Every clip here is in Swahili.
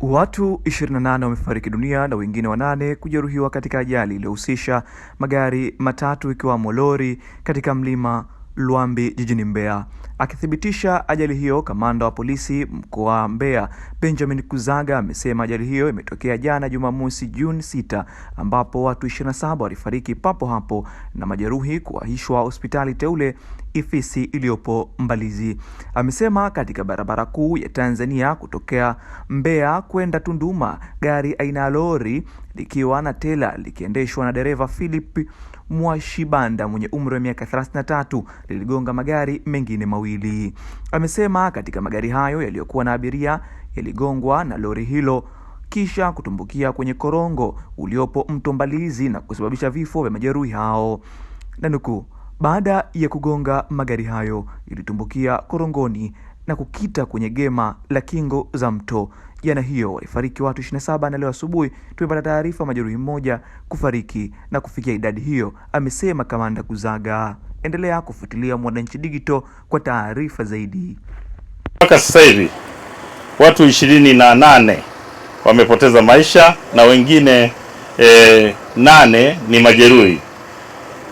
Watu 28 wamefariki dunia na wengine wanane kujeruhiwa katika ajali iliyohusisha magari matatu ikiwamo lori katika mlima Lwambi jijini Mbeya. Akithibitisha ajali hiyo, kamanda wa polisi mkoa wa Mbeya Benjamin Kuzaga amesema ajali hiyo imetokea jana Jumamosi, Juni 6, ambapo watu 27 walifariki papo hapo na majeruhi kuwahishwa hospitali teule Ifisi iliyopo Mbalizi. Amesema katika barabara kuu ya Tanzania kutokea Mbeya kwenda Tunduma, gari aina ya lori likiwa na tela likiendeshwa na dereva Philip Mwashibanda mwenye umri wa miaka 33 liligonga magari mengine mawili mawili. Amesema katika magari hayo yaliyokuwa na abiria yaligongwa na lori hilo kisha kutumbukia kwenye korongo uliopo mto Mbalizi na kusababisha vifo vya majeruhi hao, na baada ya kugonga magari hayo ilitumbukia korongoni na kukita kwenye gema la kingo za mto jana hiyo walifariki watu 27 na leo asubuhi tumepata taarifa majeruhi mmoja kufariki na kufikia idadi hiyo, amesema Kamanda Kuzaga. Endelea kufuatilia Mwananchi Digital kwa taarifa zaidi. Mpaka sasa hivi watu ishirini na nane wamepoteza maisha na wengine e, nane ni majeruhi,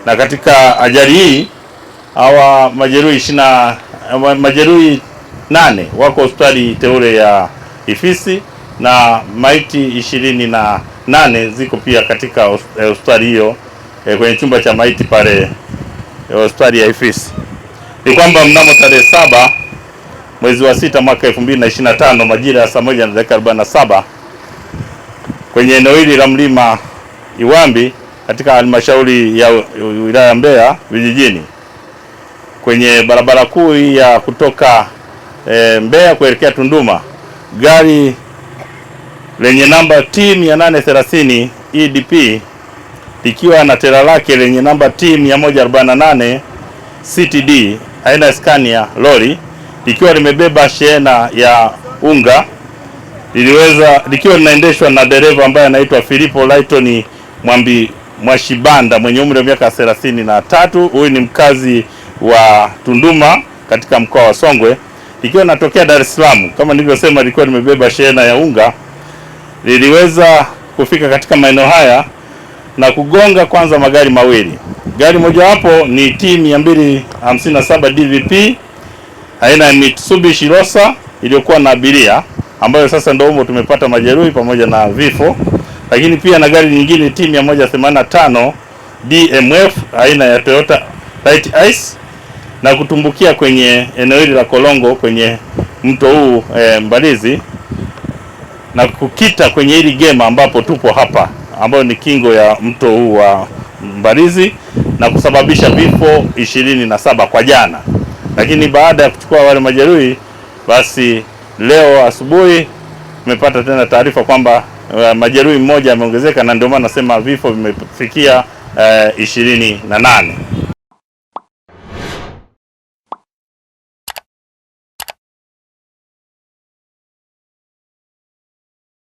na katika ajali hii hawa majeruhi ishirini na majeruhi nane wako hospitali teule ya ifisi na maiti ishirini na nane ziko pia katika eh, hospitali hiyo e, kwenye chumba cha maiti pale eh, hospitali ya Ifisi. Ni kwamba mnamo tarehe saba mwezi wa sita mwaka tano majira ya saa moja na dakika 47 kwenye eneo hili la mlima Iwambi katika halmashauri ya wilaya ya Mbeya vijijini kwenye barabara kuu ya kutoka e, Mbeya kuelekea Tunduma gari lenye namba T 830 EDP likiwa na tela lake lenye namba T 148 CTD aina ya Scania lori likiwa limebeba shehena ya unga liliweza likiwa linaendeshwa na dereva ambaye anaitwa Filipo Lighton Mwambi Mwashibanda mwenye umri wa miaka thelathini na tatu. Huyu ni mkazi wa Tunduma katika mkoa wa Songwe ikiwa natokea Dar es Salaam, kama nilivyosema, nilikuwa nimebeba shehena ya unga, liliweza kufika katika maeneo haya na kugonga kwanza magari mawili. Gari mojawapo ni T 257 DVP aina ya Mitsubishi Rosa iliyokuwa na abiria, ambayo sasa ndio humo tumepata majeruhi pamoja na vifo, lakini pia na gari nyingine T 185 DMF aina ya Toyota Light Ice na kutumbukia kwenye eneo hili la Kolongo kwenye mto huu e, Mbalizi na kukita kwenye hili gema ambapo tupo hapa, ambayo ni kingo ya mto huu wa Mbalizi na kusababisha vifo ishirini na saba kwa jana, lakini baada ya kuchukua wale majeruhi, basi leo asubuhi tumepata tena taarifa kwamba uh, majeruhi mmoja ameongezeka, na ndio maana nasema vifo vimefikia eh, ishirini uh, na nane.